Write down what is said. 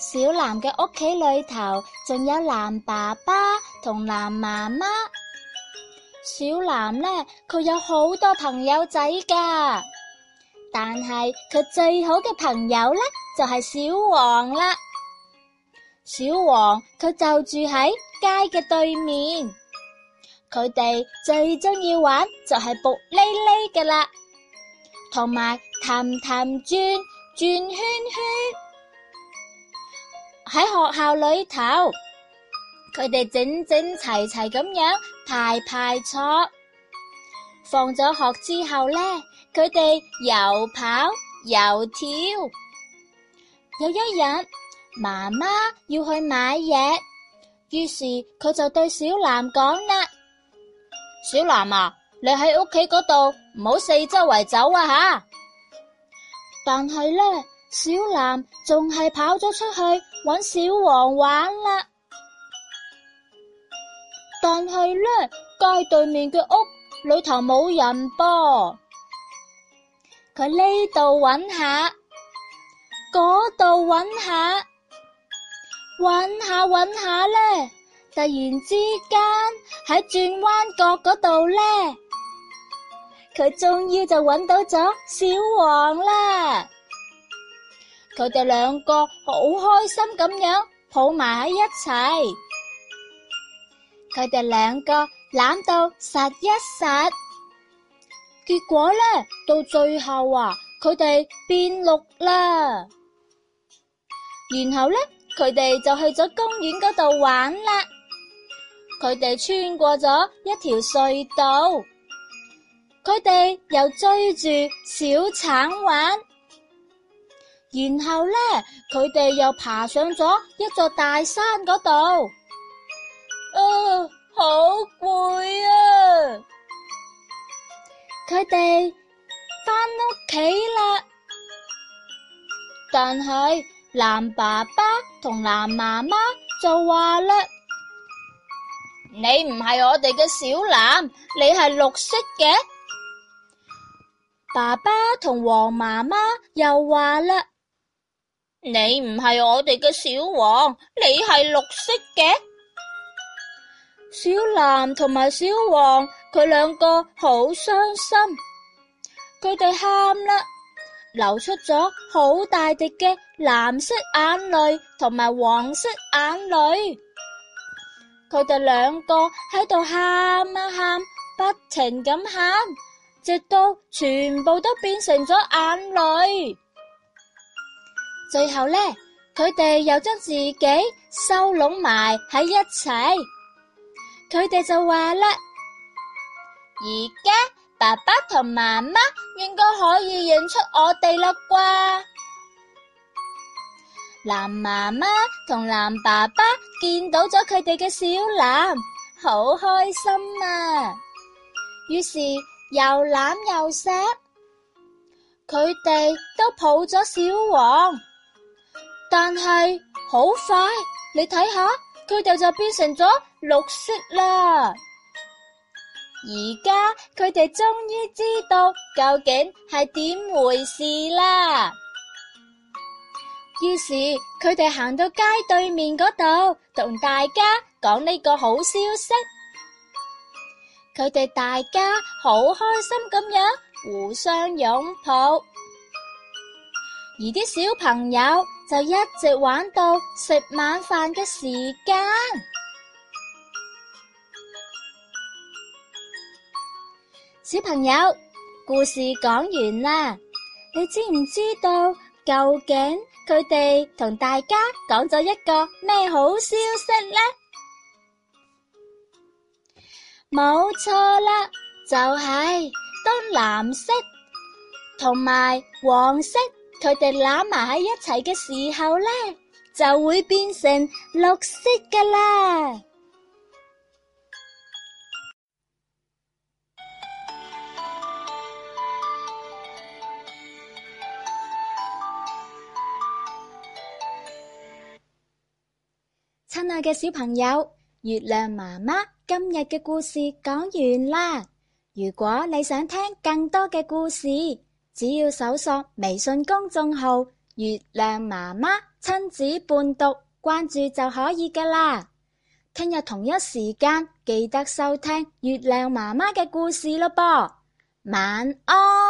小藍嘅屋企裏頭仲有藍爸爸同藍媽媽。小藍呢，佢有好多朋友仔噶，但係佢最好嘅朋友呢，就係小黃啦。小黃佢就住喺街嘅對面，佢哋最中意玩就係卜哩哩嘅啦，同埋氹氹轉轉圈圈。喺學校裏頭，佢哋整整齊齊咁樣排排坐，放咗學之後呢，佢哋又跑又跳。有一日，媽媽要去買嘢，於是佢就對小藍講啦：小藍啊，你喺屋企嗰度唔好四周圍走啊吓！但係咧。小藍仲係跑咗出去揾小黃玩啦，但係咧，街對面嘅屋裏頭冇人噃。佢呢度揾下，嗰度揾下，揾下揾下咧，突然之間喺轉彎角嗰度咧，佢終於就揾到咗小黃啦。佢哋兩個好開心咁樣抱埋喺一齊，佢哋兩個攬到實一實，結果呢到最後啊，佢哋變綠啦。然後呢，佢哋就去咗公園嗰度玩啦。佢哋穿過咗一條隧道，佢哋又追住小橙玩。然後咧，佢哋又爬上咗一座大山嗰度，啊，好攰啊！佢哋翻屋企啦，但係藍爸爸同藍媽媽就話啦：你唔係我哋嘅小藍，你係綠色嘅。爸爸同黃媽媽又話啦。你唔係我哋嘅小黃，你係綠色嘅。小藍同埋小黃，佢兩個好傷心，佢哋喊啦，流出咗好大滴嘅藍色眼淚同埋黃色眼淚，佢哋兩個喺度喊啊喊，不停咁喊，直到全部都變成咗眼淚。最後呢，佢哋又將自己收攏埋喺一齊。佢哋就話啦：而家爸爸同媽媽應該可以認出我哋啦啩。藍媽媽同藍爸爸見到咗佢哋嘅小藍，好開心啊！於是又攬又錫，佢哋都抱咗小黃。但係好快，你睇下，佢哋就變成咗綠色啦。而家佢哋終於知道究竟係點回事啦。於是佢哋行到街對面嗰度，同大家講呢個好消息。佢哋大家好開心咁樣互相擁抱，而啲小朋友。就一直玩到食晚飯嘅時間。小朋友，故事講完啦，你知唔知道究竟佢哋同大家講咗一個咩好消息呢？冇錯啦，就係、是、當藍色同埋黃色。佢哋攬埋喺一齊嘅時候呢，就會變成綠色㗎喇。親愛嘅小朋友，月亮媽媽今日嘅故事講完啦。如果你想聽更多嘅故事，只要搜索微信公眾號《月亮媽媽親子伴讀》，關注就可以噶啦。聽日同一時間記得收聽月亮媽媽嘅故事咯，啵，晚安。